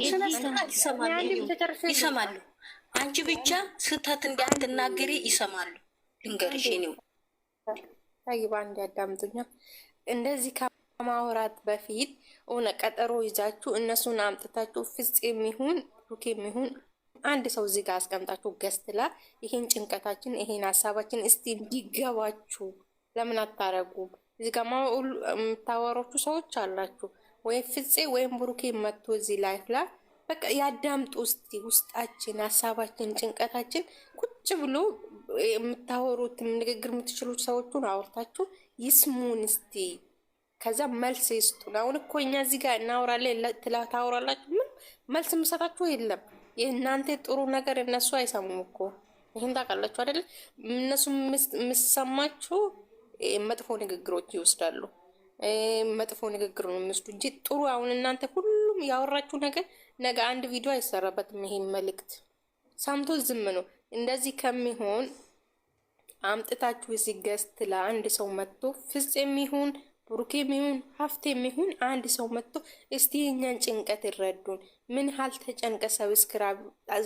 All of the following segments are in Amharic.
ይሰማሉ። አንቺ ብቻ ስህተት እንዳትናገሪ ይሰማሉ። ልንገርሽ ነው ታይባ እንደዚህ ከማውራት በፊት ሆነ ቀጠሮ ይዛችሁ እነሱን አምጥታችሁ ፍጽ የሚሆን ሩክ የሚሆን አንድ ሰው እዚህ ጋር አስቀምጣችሁ ገስትላ ይሄን ጭንቀታችን ይሄን ሀሳባችን እስቲ እንዲገባችሁ ለምን አታረጉ? እዚህ ጋር የምታወሮቹ ሰዎች አላችሁ ወይም ፍፄ ወይም ብሩኬ መጥቶ እዚህ ላይፍ ላይ በቃ ያዳምጡ ውስጥ ውስጣችን፣ ሀሳባችን፣ ጭንቀታችን ቁጭ ብሎ የምታወሩት ንግግር የምትችሉት ሰዎቹን አውርታችሁ ይስሙን እስቲ። ከዛ መልስ ይስጡን። አሁን እኮ እኛ እዚህ ጋር እናወራለን ታወራላችሁ፣ ምን መልስ የምሰጣችሁ የለም። የእናንተ ጥሩ ነገር እነሱ አይሰሙም እኮ ይህን ታውቃላችሁ አይደለ? እነሱ የምሰማችሁ መጥፎ ንግግሮች ይወስዳሉ። መጥፎ ንግግር ነው የሚወስዱ እንጂ ጥሩ። አሁን እናንተ ሁሉም ያወራችሁ ነገር ነገ አንድ ቪዲዮ አይሰራበትም። ይሄን መልእክት ሰምቶ ዝም ነው እንደዚህ ከሚሆን አምጥታችሁ እዚህ ገስት ለአንድ ሰው መጥቶ ፍጽ የሚሆን ብሩክ የሚሆን ሀፍት የሚሆን አንድ ሰው መጥቶ እስቲ የኛን ጭንቀት ይረዱን። ምን ሀል ተጨንቀ ሰብስክራብ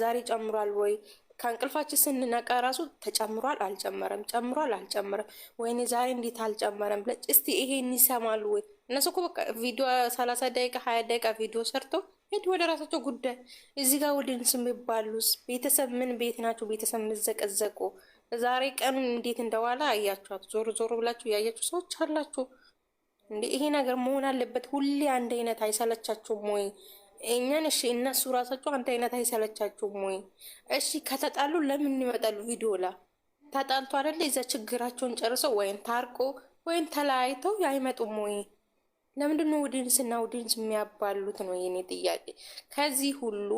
ዛሬ ጨምሯል ወይ ከእንቅልፋችን ስንነቃ ራሱ ተጨምሯል አልጨመረም፣ ጨምሯል አልጨመረም፣ ወይኔ ዛሬ እንዴት አልጨመረም ብለን እስቲ ይሄን ይሰማሉ ወይ እነሱ እኮ በቃ ቪዲዮ ሰላሳ ደቂቃ ሀያ ደቂቃ ቪዲዮ ሰርቶ ሄድ ወደ ራሳቸው ጉዳይ። እዚህ ጋር ወደ የሚባሉስ ቤተሰብ ምን ቤት ናቸው? ቤተሰብ ምዘቀዘቁ ዛሬ ቀን እንዴት እንደዋላ አያችኋት። ዞሮ ዞሮ ብላችሁ ያያችሁ ሰዎች አላችሁ እንዴ? ይሄ ነገር መሆን አለበት ሁሌ አንድ አይነት አይሰለቻችሁም ወይ? እኛን እሺ፣ እነሱ ራሳቸው አንተ አይነት አይሰለቻችሁም ወይ? እሺ፣ ከተጣሉ ለምን ይመጣሉ? ቪዲዮ ላ ተጣልቶ አደለ? እዛ ችግራቸውን ጨርሰው ወይም ታርቆ ወይም ተለያይተው አይመጡም ወይ? ለምንድነው ነው ውድንስና ውድንስ የሚያባሉት ነው የኔ ጥያቄ። ከዚህ ሁሉ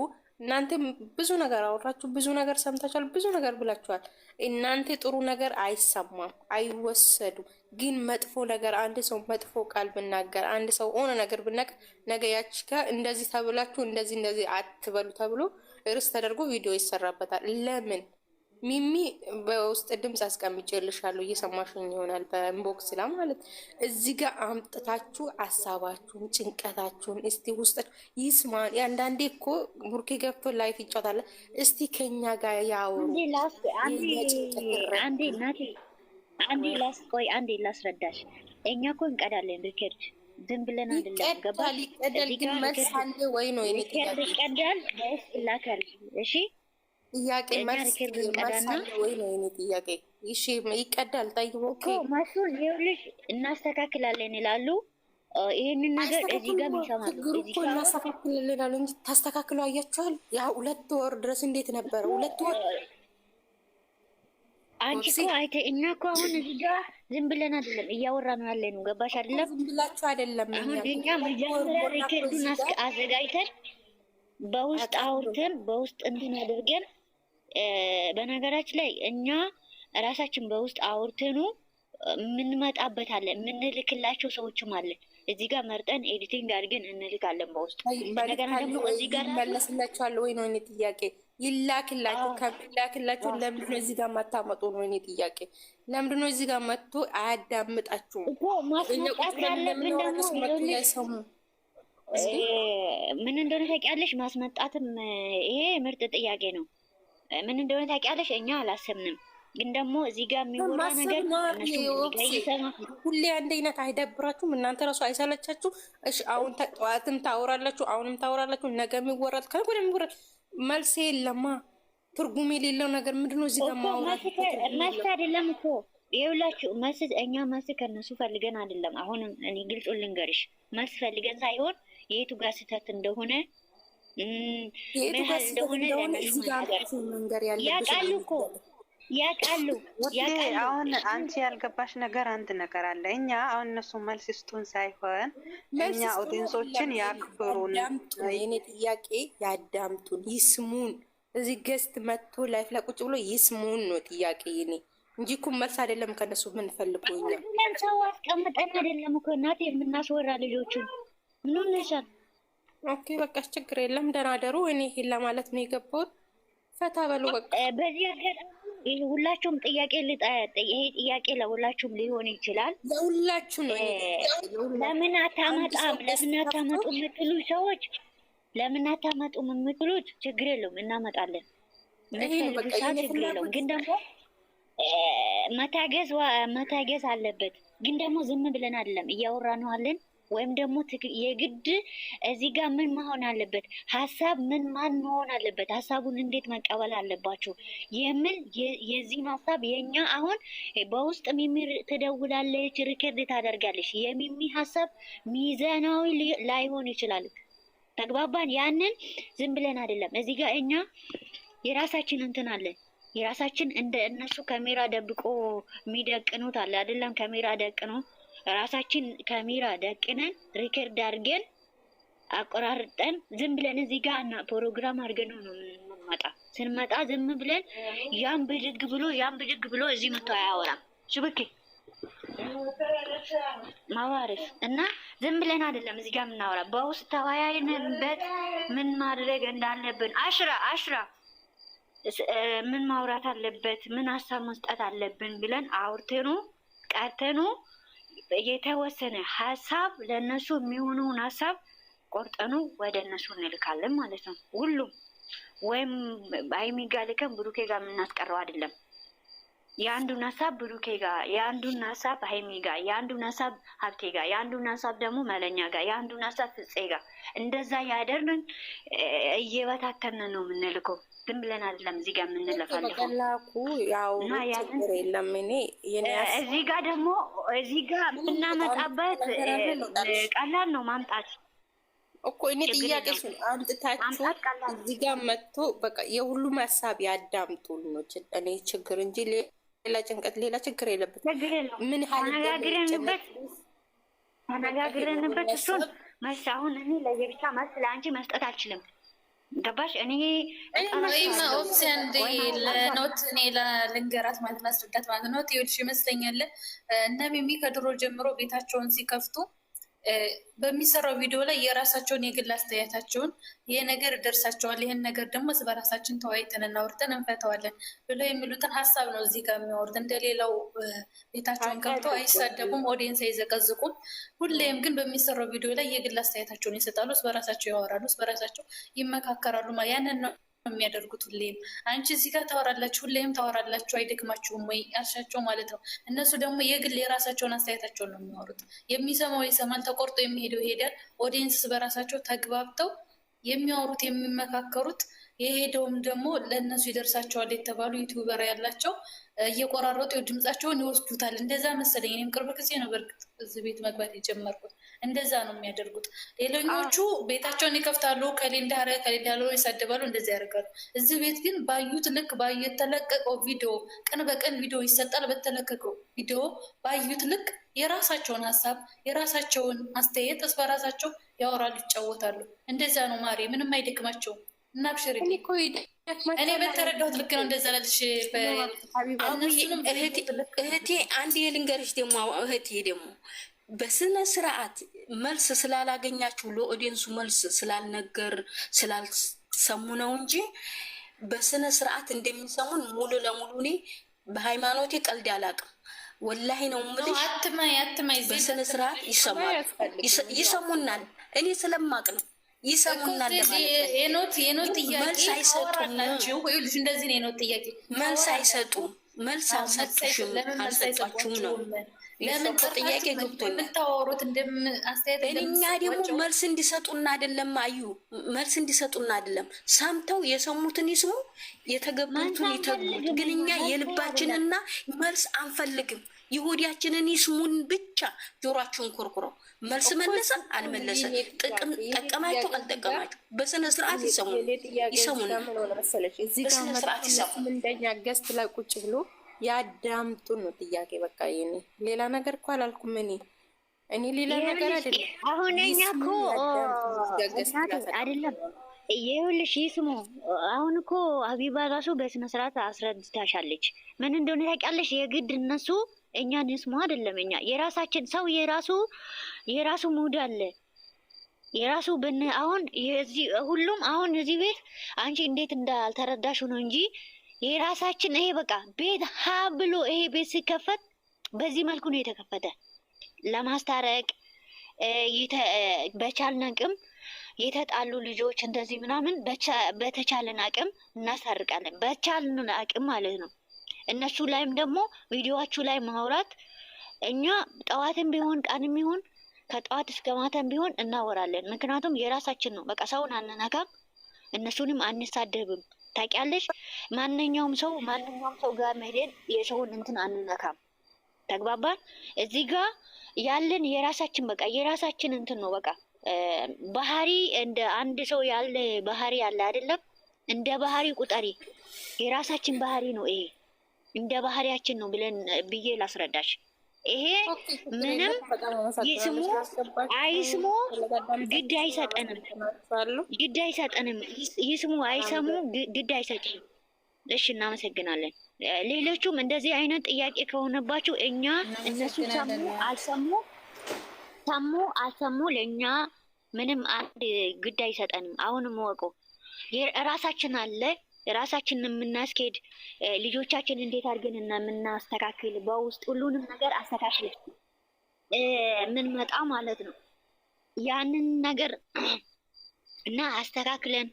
እናንተ ብዙ ነገር አወራችሁ፣ ብዙ ነገር ሰምታችኋል፣ ብዙ ነገር ብላችኋል። እናንተ ጥሩ ነገር አይሰማም፣ አይወሰዱም ግን መጥፎ ነገር አንድ ሰው መጥፎ ቃል ብናገር አንድ ሰው ሆነ ነገር ብናገር ነገ ያች ጋር እንደዚህ ተብላችሁ እንደዚህ እንደዚህ አትበሉ ተብሎ ርዕስ ተደርጎ ቪዲዮ ይሰራበታል። ለምን ሚሚ በውስጥ ድምፅ አስቀምጬልሻለሁ እየሰማሽኝ ይሆናል። በኢንቦክስ ላ ማለት እዚህ ጋ አምጥታችሁ ሀሳባችሁን፣ ጭንቀታችሁን እስቲ ውስጥ ይስማን። አንዳንዴ እኮ ቡርኬ ገብቶ ላይፍ ይጫወታል። እስቲ ከኛ ጋር ያው አንዴ ላስ ቆይ አንዴ ላስረዳሽ። እኛ እኮ እንቀዳለን ሪከርድ ዝም ብለን አይደለም። ገባሽ? ይቀዳል ግን መልስ ወይ ነው ይቀዳል እሺ ጥያቄ መልስ ይቀዳና ወይ ነው ጥያቄ። እሺ ይቀዳል። እኮ ይኸውልሽ፣ እናስተካክላለን ይላሉ። ይሄንን ነገር እዚህ ጋር ችግሩ እኮ ይላሉ እንጂ ታስተካክለው አያችኋል። ያ ሁለት ወር ድረስ እንዴት ነበረ? ሁለት ወር አንቺ እኮ አይተ እኛ እኮ አሁን እዚህ ጋ ዝም ብለን አይደለም እያወራ ነው ያለን። ገባሽ አይደለም? ዝም ብላችሁ አይደለም። አሁን እኛ መጀመሪያ ሪከርዱን አዘጋጅተን በውስጥ አውርተን በውስጥ እንትን አድርገን፣ በነገራችን ላይ እኛ ራሳችን በውስጥ አውርተኑ የምንመጣበት አለ የምንልክላቸው ሰዎችም አለን። እዚህ ጋር መርጠን ኤዲቲንግ አድርገን እንልካለን በውስጥ ነገር ደግሞ እዚህ ጋር መለስላችኋለሁ ወይ ነው ጥያቄ ይላክላችሁ ከሚላክላችሁ ለምንድነው እዚህ ጋር ማታመጡ ነው የእኔ ጥያቄ። ለምንድነው እዚህ ጋር መጥቶ አያዳምጣችሁም? ያሰሙ ምን እንደሆነ ታውቂያለሽ። ማስመጣትም ይሄ ምርጥ ጥያቄ ነው። ምን እንደሆነ ታውቂያለሽ። እኛ አላሰብንም፣ ግን ደግሞ እዚህ ጋር የሚወራ ነገር ሁሌ አንድ አይነት አይደብራችሁም? እናንተ ራሱ አይሰለቻችሁም? እሺ አሁን ጠዋትም ታወራላችሁ፣ አሁንም ታወራላችሁ፣ ነገ የሚወራል ከ የሚወራል መልስ የለማ ትርጉም የሌለው ነገር ምንድን ነው እዚህ መልስ አይደለም እኮ ይኸውላችሁ፣ መልስ እኛ መልስ ከነሱ ፈልገን አይደለም። አሁንም እኔ ግልጹን ልንገርሽ፣ መልስ ፈልገን ሳይሆን የቱ ጋር ስህተት እንደሆነ የቱ ጋር ስህተት እንደሆነ ያውቃሉ እኮ ያቃሉ አሁን አንቺ ያልገባሽ ነገር አንድ ነገር አለ። እኛ አሁን እነሱ መልስ ስጡን ሳይሆን እኛ ኦዲንሶችን ያክብሩን። የኔ ጥያቄ ያዳምጡን፣ ይስሙን። እዚህ ገስት መጥቶ ላይፍ ላይ ቁጭ ብሎ ይስሙን ነው ጥያቄ የኔ እንጂ እኮ መልስ አይደለም ከነሱ የምንፈልገው። እኛ ምንም ሰው አስቀምጠን አይደለም እኮ እናት የምናስወራ ልጆቹን ምንም ነሻል። ኦኬ በቃ ችግር የለም። ደህና ደሩ። እኔ ይሄን ለማለት ነው የገባሁት። ፈታ በሉ በቃ በዚህ አጋጣሚ ሁላችሁም ጥያቄ ይሄ ጥያቄ ለሁላችሁም ሊሆን ይችላል። ለሁላችሁ ለምን አታመጣም ለምን አታመጡ የምትሉ ሰዎች ለምን አታመጡም የምትሉት ችግር የለውም እናመጣለን። ምትሉሳ ችግር የለውም። ግን ደግሞ መታገዝ መታገዝ አለበት። ግን ደግሞ ዝም ብለን አይደለም እያወራ ነው አለን ወይም ደግሞ የግድ እዚህ ጋር ምን መሆን አለበት ሀሳብ ምን ማን መሆን አለበት ሀሳቡን እንዴት መቀበል አለባቸው የሚል የዚህን ሀሳብ የእኛ አሁን በውስጥ ሚሚ ትደውላለች፣ ሪከርድ ታደርጋለች። የሚሚ ሀሳብ ሚዛናዊ ላይሆን ይችላል። ተግባባን። ያንን ዝም ብለን አይደለም እዚህ ጋር እኛ የራሳችን እንትን አለን የራሳችን እንደ እነሱ ካሜራ ደብቆ የሚደቅኑት አለ አይደለም። ካሜራ ደቅኖ ራሳችን ካሜራ ደቅነን ሪከርድ አድርገን አቆራርጠን ዝም ብለን እዚህ ጋር እና ፕሮግራም አድርገን ነው የምንመጣ። ስንመጣ ዝም ብለን ያም ብድግ ብሎ ያም ብድግ ብሎ እዚህ መቶ አያወራም። ሽብኪ ማዋረስ እና ዝም ብለን አይደለም እዚህ ጋር የምናወራ፣ በውስጥ ተወያይነንበት ምን ማድረግ እንዳለብን አሽራ አሽራ ምን ማውራት አለበት ምን ሀሳብ መስጠት አለብን ብለን አውርተኑ ቀርተኑ የተወሰነ ሀሳብ ለእነሱ የሚሆነውን ሀሳብ ቆርጠኑ ወደ እነሱ እንልካለን ማለት ነው። ሁሉም ወይም አይሚ ጋ ልከን ብሩኬ ጋር የምናስቀረው አይደለም። የአንዱን ሀሳብ ብሩኬ ጋር፣ የአንዱን ሀሳብ ሀይሚ ጋር፣ የአንዱን ሀሳብ ሀብቴ ጋር፣ የአንዱን ሀሳብ ደግሞ መለኛ ጋር፣ የአንዱን ሀሳብ ፍፄ ጋር እንደዛ ያደርግን እየበታተነ ነው የምንልከው። ዝም ብለን አይደለም እዚህ ጋር የምንለፈልፈው እና ያንን እዚህ ጋር ደግሞ እዚህ ጋር የምናመጣበት ቀላል ነው ማምጣት እኮ እኔ ጥያቄሽ አምጥታችሁ እዚህ ጋር መጥቶ በቃ የሁሉም ሀሳብ ያዳምጡን ነው እኔ ችግር እንጂ ሌላ ጭንቀት ሌላ ችግር የለበት። ምን ተነጋግረንበት ተነጋግረንበት እሱን መስ አሁን እኔ ለየብቻ መስ ለአንቺ መስጠት አልችልም። ገባሽ? እኔ ወይም ኦፕሽን ለኖት እኔ ልንገራት ማለት ማስረዳት ማለት ነው። ይኸውልሽ ይመስለኛል እነ ሚሚ ከድሮ ጀምሮ ቤታቸውን ሲከፍቱ በሚሰራው ቪዲዮ ላይ የራሳቸውን የግል አስተያየታቸውን ይህ ነገር ደርሳቸዋል፣ ይህን ነገር ደግሞ በራሳችን ተወያይተን እናወርደን እንፈተዋለን ብሎ የሚሉትን ሀሳብ ነው እዚህ ጋር የሚያወርድ። እንደሌላው ቤታቸውን ከብተው አይሳደቡም፣ ኦዲየንስ አይዘቀዝቁም። ሁሌም ግን በሚሰራው ቪዲዮ ላይ የግል አስተያየታቸውን ይሰጣሉ፣ በራሳቸው ያወራሉ፣ በራሳቸው ይመካከራሉ። ያንን ነው የሚያደርጉት ሁሌም አንቺ እዚህ ጋር ታወራላችሁ፣ ሁሌም ታወራላችሁ፣ አይደክማችሁም ወይ ያልሻቸው ማለት ነው። እነሱ ደግሞ የግል የራሳቸውን አስተያየታቸውን ነው የሚያወሩት። የሚሰማው ይሰማል፣ ተቆርጦ የሚሄደው ይሄዳል። ኦዲየንስስ በራሳቸው ተግባብተው የሚያወሩት የሚመካከሩት፣ የሄደውም ደግሞ ለእነሱ ይደርሳቸዋል የተባሉ ዩቲዩበር ያላቸው እየቆራረጡ ድምጻቸውን ይወስዱታል። እንደዛ መሰለኝ። እኔም ቅርብ ጊዜ ነው በእርግጥ እዚህ ቤት መግባት የጀመርኩት። እንደዛ ነው የሚያደርጉት። ሌሎኞቹ ቤታቸውን ይከፍታሉ፣ ከሌ እንዳረ ይሳደባሉ፣ እንደዚህ ያደርጋሉ። እዚህ ቤት ግን ባዩት ልክ ባየተለቀቀው ቪዲዮ ቀን በቀን ቪዲዮ ይሰጣል። በተለቀቀው ቪዲዮ ባዩት ልክ የራሳቸውን ሀሳብ የራሳቸውን አስተያየት ተስፋ በራሳቸው ያወራሉ፣ ይጫወታሉ። እንደዛ ነው ማሪ፣ ምንም አይደክማቸውም። እና ብሽሪ እኔ በተረዳሁት ልክ ነው። እንደዛ ላለሽ እህቴ አንድ የልንገርሽ ደግሞ እህቴ ደግሞ በስነ ስርዓት መልስ ስላላገኛችሁ ለኦዲየንሱ መልስ ስላልነገር ስላልሰሙ ነው እንጂ በስነ ስርዓት እንደሚሰሙን ሙሉ ለሙሉ እኔ በሃይማኖቴ ቀልድ አላቅም። ወላሂ ነው የምልሽ። በስነ ስርዓት ይሰሙናል። እኔ ስለማቅ ነው ይሰሙናል ለማለት መልስ አይሰጡም። መልስ አይሰጡም። መልስ አልሰጡሽም አልሰጧችሁም ነው ለምን ጥያቄ ገብቶኛል። የምታወሩት እኛ ደግሞ መልስ እንዲሰጡና አይደለም አዩ መልስ እንዲሰጡና አይደለም ሰምተው የሰሙትን ይስሙ፣ የተገቡትን ይተጉ ግን እኛ የልባችንና መልስ አንፈልግም። የሆዲያችንን ይስሙን ብቻ። ጆሯችሁን ኮርኩረው መልስ መለሰ አልመለሰ፣ ጠቀማቸው አልጠቀማቸው በስነ ስርዓት ይሰሙ ይሰሙን። በስነ ስርዓት ይሰሙ። እንደኛ ገስት ላይ ቁጭ ብሎ ያዳምጡን ነው ጥያቄ። በቃ ይሄኔ ሌላ ነገር እኮ አላልኩም እኔ እኔ ሌላ ነገር አይደለም። አሁን እኛ እኮ አይደለም ይኸውልሽ፣ ይስሙ አሁን እኮ ሀቢባ ራሱ በስነ ስርዓት አስረድታሻለች። ምን እንደሆነ ታውቂያለሽ። የግድ እነሱ እኛን ይስሙ አይደለም። እኛ የራሳችን ሰው የራሱ የራሱ ሙድ አለ የራሱ ብን አሁን ሁሉም አሁን እዚህ ቤት አንቺ እንዴት እንዳልተረዳሽ ነው እንጂ የራሳችን ይሄ በቃ ቤት ሀ ብሎ ይሄ ቤት ሲከፈት በዚህ መልኩ ነው የተከፈተ። ለማስታረቅ በቻልን አቅም የተጣሉ ልጆች እንደዚህ ምናምን በተቻለን አቅም እናስታርቃለን። በቻልን አቅም ማለት ነው። እነሱ ላይም ደግሞ ቪዲዮዋችሁ ላይ ማውራት እኛ ጠዋትም ቢሆን ቀንም ቢሆን ከጠዋት እስከ ማታም ቢሆን እናወራለን። ምክንያቱም የራሳችን ነው። በቃ ሰውን አንነካም፣ እነሱንም አንሳደብም። ታውቂያለሽ፣ ማንኛውም ሰው ማንኛውም ሰው ጋር መሄድን የሰውን እንትን አንነካም። ተግባባን። እዚህ ጋር ያለን የራሳችን በቃ የራሳችን እንትን ነው በቃ ባህሪ እንደ አንድ ሰው ያለ ባህሪ ያለ አይደለም። እንደ ባህሪ ቁጠሪ። የራሳችን ባህሪ ነው ይሄ። እንደ ባህሪያችን ነው ብለን ብዬ ላስረዳሽ ይሄ ምንም ይስሙ አይስሙ ግድ አይሰጠንም፣ ግድ አይሰጠንም። ይስሙ አይሰሙ ግድ አይሰጠንም። እሺ፣ እናመሰግናለን። ሌሎቹም እንደዚህ አይነት ጥያቄ ከሆነባችሁ እኛ እነሱ ሰሙ አልሰሙ ሰሙ አልሰሙ ለእኛ ምንም አንድ ግድ አይሰጠንም። አሁንም ወቁ ራሳችን አለ ራሳችንን የምናስኬድ ልጆቻችን እንዴት አድርገን እና የምናስተካክል በውስጥ ሁሉንም ነገር አስተካክል ምንመጣ ማለት ነው። ያንን ነገር እና አስተካክለን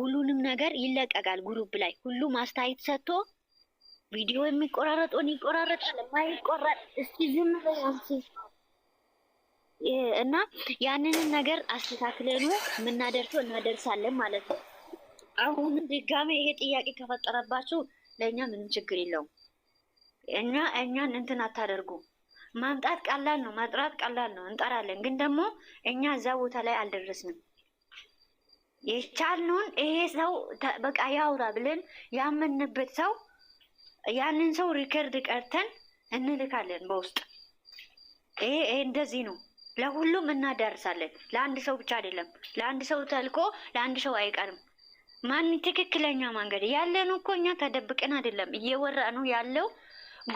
ሁሉንም ነገር ይለቀቃል ግሩፕ ላይ ሁሉም አስተያየት ሰጥቶ ቪዲዮ የሚቆራረጡን ይቆራረጣል፣ የማይቆረጥ እስቲ ዝም እና ያንንን ነገር አስተካክለን የምናደርሰው እናደርሳለን ማለት ነው። አሁንም ድጋሜ ይሄ ጥያቄ ከፈጠረባችሁ ለእኛ ምንም ችግር የለውም። እኛ እኛን እንትን አታደርጉ። ማምጣት ቀላል ነው፣ ማጥራት ቀላል ነው። እንጠራለን፣ ግን ደግሞ እኛ እዛ ቦታ ላይ አልደረስንም። የቻልነውን ይሄ ሰው በቃ ያውራ ብለን ያመንበት ሰው ያንን ሰው ሪከርድ ቀርተን እንልካለን በውስጥ ይሄ ይሄ እንደዚህ ነው። ለሁሉም እናዳርሳለን። ለአንድ ሰው ብቻ አይደለም። ለአንድ ሰው ተልኮ ለአንድ ሰው አይቀርም። ማን ትክክለኛ መንገድ ያለን እኮ እኛ ተደብቀን አይደለም እየወራ ነው ያለው።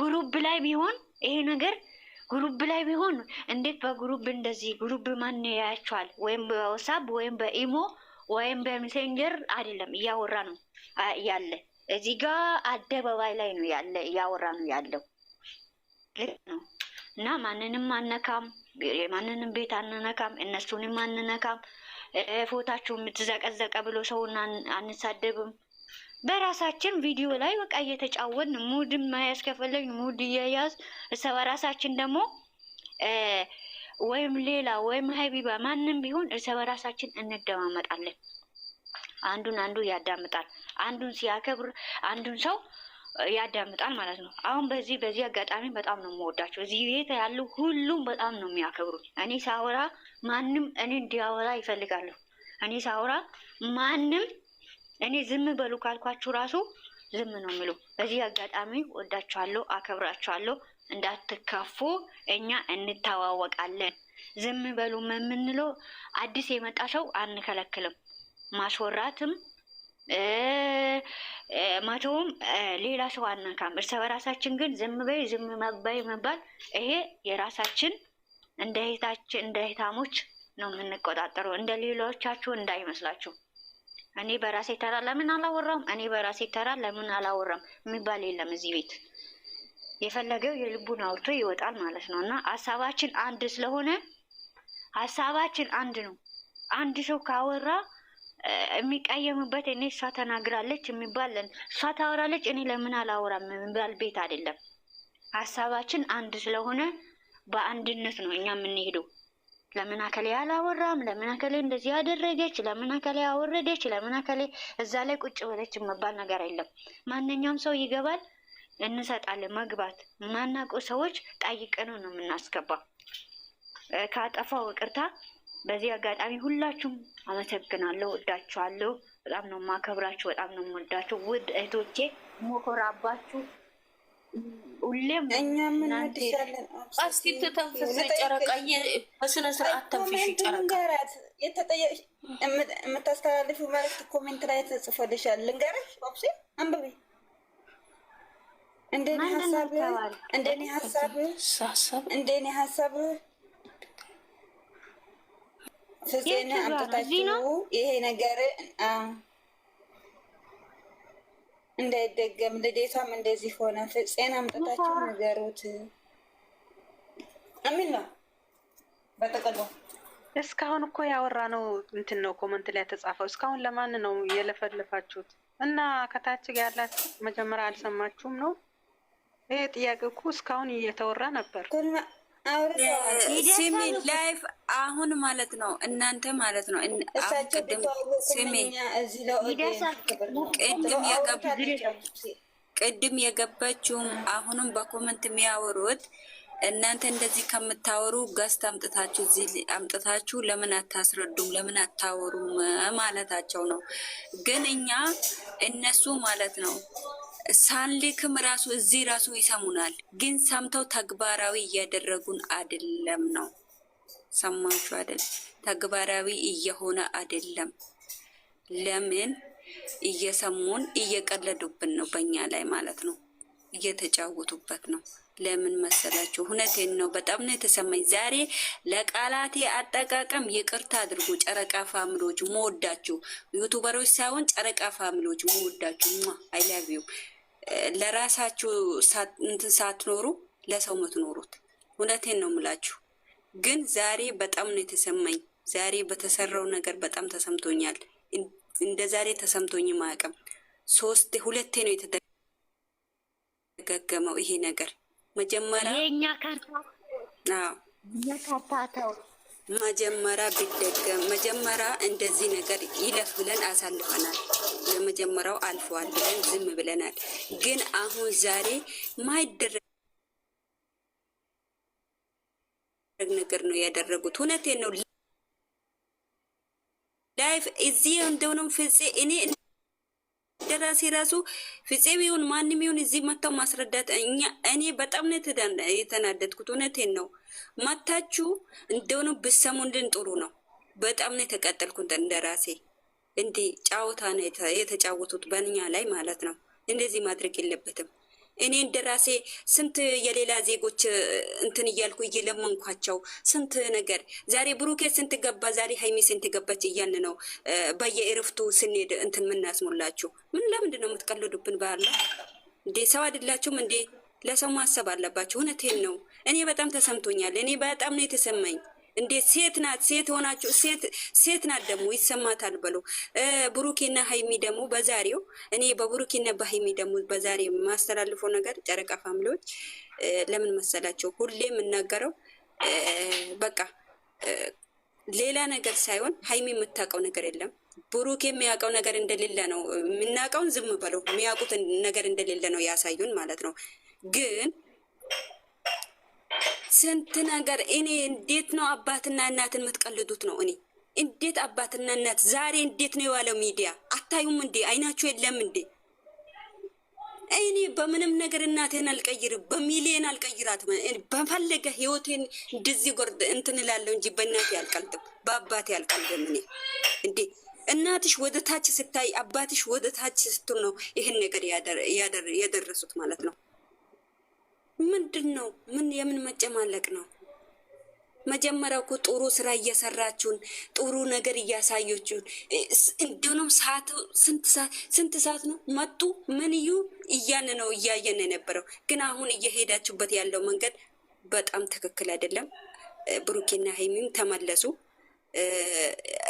ጉሩብ ላይ ቢሆን ይሄ ነገር ጉሩብ ላይ ቢሆን እንዴት በጉሩብ እንደዚህ ጉሩብ ማን ያያቸዋል? ወይም በወሳብ ወይም በኢሞ ወይም በሜሴንጀር አይደለም እያወራ ነው ያለ። እዚህ ጋ አደባባይ ላይ ነው ያለ እያወራ ነው ያለው። ልክ ነው እና ማንንም አነካም። የማንንም ቤት አንነካም፣ እነሱንም አንነካም። ፎታችሁ የምትዘቀዘቀ ብሎ ሰውን አንሳደብም። በራሳችን ቪዲዮ ላይ በቃ እየተጫወን ሙድ መያዝ ከፈለግ ሙድ እየያዝ እሰ በራሳችን ደግሞ ወይም ሌላ ወይም ሀይቢባ ማንም ቢሆን እሰ በራሳችን እንደማመጣለን። አንዱን አንዱ ያዳምጣል። አንዱን ሲያከብር አንዱን ሰው ያዳምጣል ማለት ነው። አሁን በዚህ በዚህ አጋጣሚ በጣም ነው የምወዳቸው። እዚህ ቤት ያሉ ሁሉም በጣም ነው የሚያከብሩት። እኔ ሳወራ ማንም እኔ እንዲያወራ ይፈልጋለሁ። እኔ ሳወራ ማንም እኔ ዝም በሉ ካልኳችሁ ራሱ ዝም ነው የሚሉ። በዚህ አጋጣሚ ወዳችኋለሁ፣ አከብራችኋለሁ። እንዳትከፉ፣ እኛ እንተዋወቃለን። ዝም በሉም የምንለው አዲስ የመጣ ሰው አንከለክልም፣ ማስወራትም ማቸውም ሌላ ሰው አናካም። እርሰ በራሳችን ግን ዝም በይ ዝም መባይ መባል ይሄ የራሳችን እንደ ሄታችን እንደ ሄታሞች ነው የምንቆጣጠረው። እንደ ሌሎቻችሁ እንዳይመስላችሁ። እኔ በራሴ ተራ ለምን አላወራም፣ እኔ በራሴ ተራ ለምን አላወራም የሚባል የለም እዚህ ቤት። የፈለገው የልቡን አውርቶ ይወጣል ማለት ነው። እና ሀሳባችን አንድ ስለሆነ ሀሳባችን አንድ ነው። አንድ ሰው ካወራ የሚቀየምበት እኔ እሷ ተናግራለች የሚባለን እሷ ታወራለች እኔ ለምን አላወራም የሚባል ቤት አይደለም። ሀሳባችን አንድ ስለሆነ በአንድነት ነው እኛ የምንሄደው። ለምን አከሌ አላወራም፣ ለምን አከሌ እንደዚህ ያደረገች፣ ለምን አከሌ አወረደች፣ ለምን አከሌ እዛ ላይ ቁጭ ብለች የመባል ነገር የለም። ማንኛውም ሰው ይገባል፣ እንሰጣለን። መግባት ማናውቀው ሰዎች ጠይቀነው ነው የምናስገባ። ካጠፋው ይቅርታ በዚህ አጋጣሚ ሁላችሁም አመሰግናለሁ፣ ወዳችኋለሁ። በጣም ነው ማከብራችሁ፣ በጣም ነው ወዳችሁ። ውድ እህቶቼ ሞኮራባችሁ። ሁሌም እኛ ምንወድሻለን። እስኪ ተንፍሽ ጨረቃዬ፣ በስነ ስርዓት ተንፍሽ ጨረቃ። የምታስተላልፊው መልዕክት ኮሜንት ላይ ተጽፎልሻል። ልንገርሽ ኦፕሲ አንብቢ እንደኔ ሀሳብ እንደኔ ሀሳብ እንደኔ ሀሳብ አምጥታችሁ ይሄ ነገር እንዳይደገም ልዴቷም እንደዚህ ሆነ። ፍፄን አምጥታችሁ ነገሩት። አሚን ነው በጠቀሎ እስካሁን እኮ ያወራ ነው እንትን ነው ኮመንት ላይ ተጻፈው። እስካሁን ለማን ነው የለፈለፋችሁት? እና ከታች ጋር ያላት መጀመሪያ አልሰማችሁም ነው? ይሄ ጥያቄ እኮ እስካሁን እየተወራ ነበር። ስሚ ላይፍ አሁን ማለት ነው እናንተ ማለት ነው ቅድም ስሚ ቅድም ቅድም የገባችውም አሁንም በኮመንት የሚያወሩት እናንተ እንደዚህ ከምታወሩ ገስት አምጥታችሁ እዚህ አምጥታችሁ ለምን አታስረዱም? ለምን አታወሩም ማለታቸው ነው። ግን እኛ እነሱ ማለት ነው ሳንልክም ራሱ እዚህ ራሱ ይሰሙናል፣ ግን ሰምተው ተግባራዊ እያደረጉን አይደለም ነው። ሰማችሁ አይደል? ተግባራዊ እየሆነ አይደለም። ለምን እየሰሙን እየቀለዱብን ነው፣ በእኛ ላይ ማለት ነው፣ እየተጫወቱበት ነው። ለምን መሰላችሁ? እውነቴን ነው። በጣም ነው የተሰማኝ ዛሬ። ለቃላቴ አጠቃቀም ይቅርታ አድርጉ። ጨረቃ ፋሚሊዎች መወዳችሁ፣ ዩቱበሮች ሳይሆን ጨረቃ ፋሚሊዎች መወዳችሁ። አይላቪዩ ለራሳችሁ ሳትኖሩ ለሰው ምትኖሩት። እውነቴን ነው የምላችሁ። ግን ዛሬ በጣም ነው የተሰማኝ። ዛሬ በተሰራው ነገር በጣም ተሰምቶኛል። እንደ ዛሬ ተሰምቶኝ ማቀም ሶስት ሁለቴ ነው የተደጋገመው ይሄ ነገር። መጀመሪያ የኛ መጀመሪያ ቢደገም መጀመሪያ እንደዚህ ነገር ይለፍ ብለን አሳልፈናል። የመጀመሪያው አልፈዋል ብለን ዝም ብለናል። ግን አሁን ዛሬ ማይደረግ ነገር ነው ያደረጉት። እውነቴ ነው። ላይፍ እዚህ እንደሆነም ፍጼ እኔ ደራሴ ራሱ ፍጼ ቢሆን ማንም ይሁን እዚህ መጥተው ማስረዳት እኛ እኔ በጣም ነው የተናደድኩት። እውነቴን ነው። መታችሁ እንደሆነ ብሰሙ እንድን ጥሩ ነው። በጣም ነው የተቀጠልኩት እንደራሴ እንዲህ ጫወታ ነው የተጫወቱት በእኛ ላይ ማለት ነው። እንደዚህ ማድረግ የለበትም። እኔ እንደ ራሴ ስንት የሌላ ዜጎች እንትን እያልኩ እየለመንኳቸው ስንት ነገር ዛሬ ብሩኬ ስንት ገባ፣ ዛሬ ሀይሚ ስንት ገባች እያን ነው በየእርፍቱ ስንሄድ እንትን ምናስሞላችሁ። ምን ለምንድን ነው የምትቀልዱብን? ባለ እንዴ ሰው አይደላችሁም እንዴ? ለሰው ማሰብ አለባችሁ። እውነቴን ነው። እኔ በጣም ተሰምቶኛል። እኔ በጣም ነው የተሰማኝ። እንዴት ሴት ናት፣ ሴት ሆናችሁ ሴት ናት ደግሞ ይሰማታል ብሎ ብሩኬና ሀይሚ ደግሞ በዛሬው እኔ በብሩኬና በሀይሚ ደግሞ በዛሬ የማስተላልፈው ነገር ጨረቃ ፋሚሊዎች ለምን መሰላቸው ሁሌ የምናገረው በቃ ሌላ ነገር ሳይሆን ሀይሚ የምታውቀው ነገር የለም። ብሩኬ የሚያውቀው ነገር እንደሌለ ነው የምናውቀውን ዝም ብለው የሚያውቁት ነገር እንደሌለ ነው ያሳዩን ማለት ነው ግን ስንት ነገር እኔ እንዴት ነው አባትና እናትን የምትቀልዱት ነው? እኔ እንዴት አባትና እናት ዛሬ እንዴት ነው የዋለው ሚዲያ አታዩም እንዴ? አይናችሁ የለም እንዴ? እኔ በምንም ነገር እናቴን አልቀይርም፣ በሚሊየን አልቀይራትም። በፈለገ ህይወቴን እንደዚህ ጎርድ እንትን እላለሁ እንጂ በእናቴ አልቀልድም፣ በአባቴ አልቀልድም። እኔ እንዴ እናትሽ ወደ ታች ስታይ አባትሽ ወደ ታች ስትል ነው ይህን ነገር ያደረሱት ማለት ነው። ምንድን ነው? ምን የምን መጨማለቅ ነው? መጀመሪያው እኮ ጥሩ ስራ እየሰራችሁን ጥሩ ነገር እያሳየችሁን እንዲሁም ሰዓት ስንት ሰዓት ነው መጡ ምን እዩ እያን ነው እያየን የነበረው። ግን አሁን እየሄዳችሁበት ያለው መንገድ በጣም ትክክል አይደለም። ብሩኬና ሀይሚም ተመለሱ፣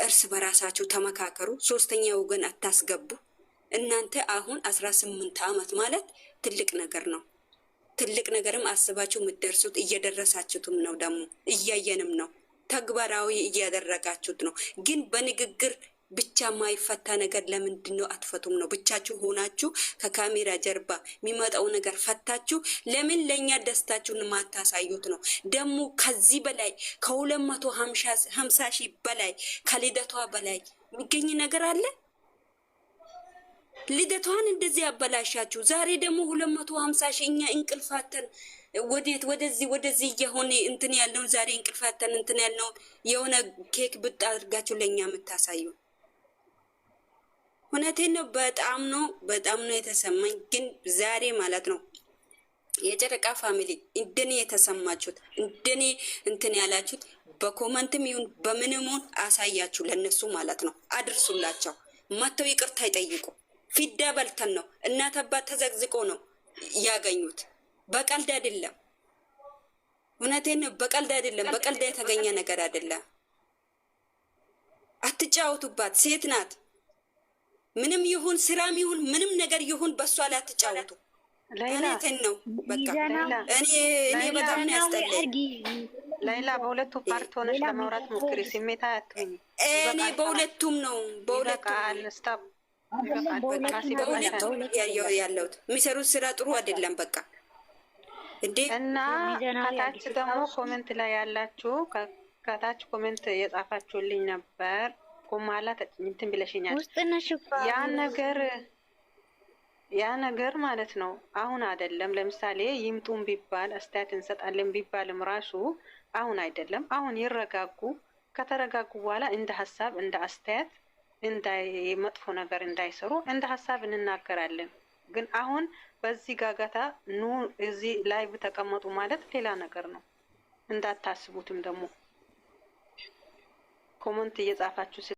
እርስ በራሳችሁ ተመካከሩ፣ ሶስተኛ ወገን አታስገቡ። እናንተ አሁን አስራ ስምንት አመት ማለት ትልቅ ነገር ነው። ትልቅ ነገርም አስባችሁ የምትደርሱት እየደረሳችሁትም ነው። ደግሞ እያየንም ነው። ተግባራዊ እያደረጋችሁት ነው። ግን በንግግር ብቻ ማይፈታ ነገር ለምንድን ነው አትፈቱም? ነው ብቻችሁ ሆናችሁ ከካሜራ ጀርባ የሚመጣው ነገር ፈታችሁ ለምን ለእኛ ደስታችሁን ማታሳዩት ነው? ደግሞ ከዚህ በላይ ከሁለት መቶ ሀምሳ ሺህ በላይ ከልደቷ በላይ የሚገኝ ነገር አለ። ልደቷን እንደዚህ ያበላሻችሁ። ዛሬ ደግሞ ሁለት መቶ ሀምሳ ሺህ እኛ እንቅልፋተን ወዴት ወደዚህ ወደዚህ እየሆነ እንትን ያለውን ዛሬ እንቅልፋተን እንትን ያልነውን የሆነ ኬክ ብጥ አድርጋችሁ ለእኛ የምታሳዩ እውነቴ ነው። በጣም ነው በጣም ነው የተሰማኝ። ግን ዛሬ ማለት ነው የጨረቃ ፋሚሊ እንደኔ የተሰማችሁት እንደኔ እንትን ያላችሁት በኮመንትም ይሁን በምንም አሳያችሁ፣ ለእነሱ ማለት ነው አድርሱላቸው። መጥተው ይቅርታ ይጠይቁ። ፊዳ በልተን ነው እናት አባት ተዘግዝቆ ነው ያገኙት። በቀልድ አይደለም። እውነቴን ነው። በቀልድ አይደለም። በቀልድ የተገኘ ነገር አይደለም። አትጫወቱባት። ሴት ናት። ምንም ይሁን ስራም ይሁን ምንም ነገር ይሁን በእሷ ላይ አትጫወቱ። እውነቴን ነው። በቃ እኔ በጣም ነው ያስጠላኝ። ላይላ በሁለቱ ፓርት ሆነች ለማውራት ሞክሪ። ስሜታ አትሁኝ። እኔ በሁለቱም ነው በሁለቱም ያየው ያለሁት የሚሰሩት ስራ ጥሩ አይደለም። በቃ እንዴ እና ከታች ደግሞ ኮሜንት ላይ ያላችሁ ከታች ኮሜንት የጻፋችሁልኝ ነበር። ጎማላ እንትን ብለሽኛል። ያ ነገር ያ ነገር ማለት ነው አሁን አይደለም። ለምሳሌ ይምጡን ቢባል አስተያየት እንሰጣለን ቢባልም ራሱ አሁን አይደለም። አሁን ይረጋጉ። ከተረጋጉ በኋላ እንደ ሀሳብ እንደ አስተያየት እንዳይ መጥፎ ነገር እንዳይሰሩ እንደ ሀሳብ እንናገራለን። ግን አሁን በዚህ ጋጋታ ኑ እዚህ ላይቭ ተቀመጡ ማለት ሌላ ነገር ነው። እንዳታስቡትም ደግሞ ኮመንት እየጻፋችሁ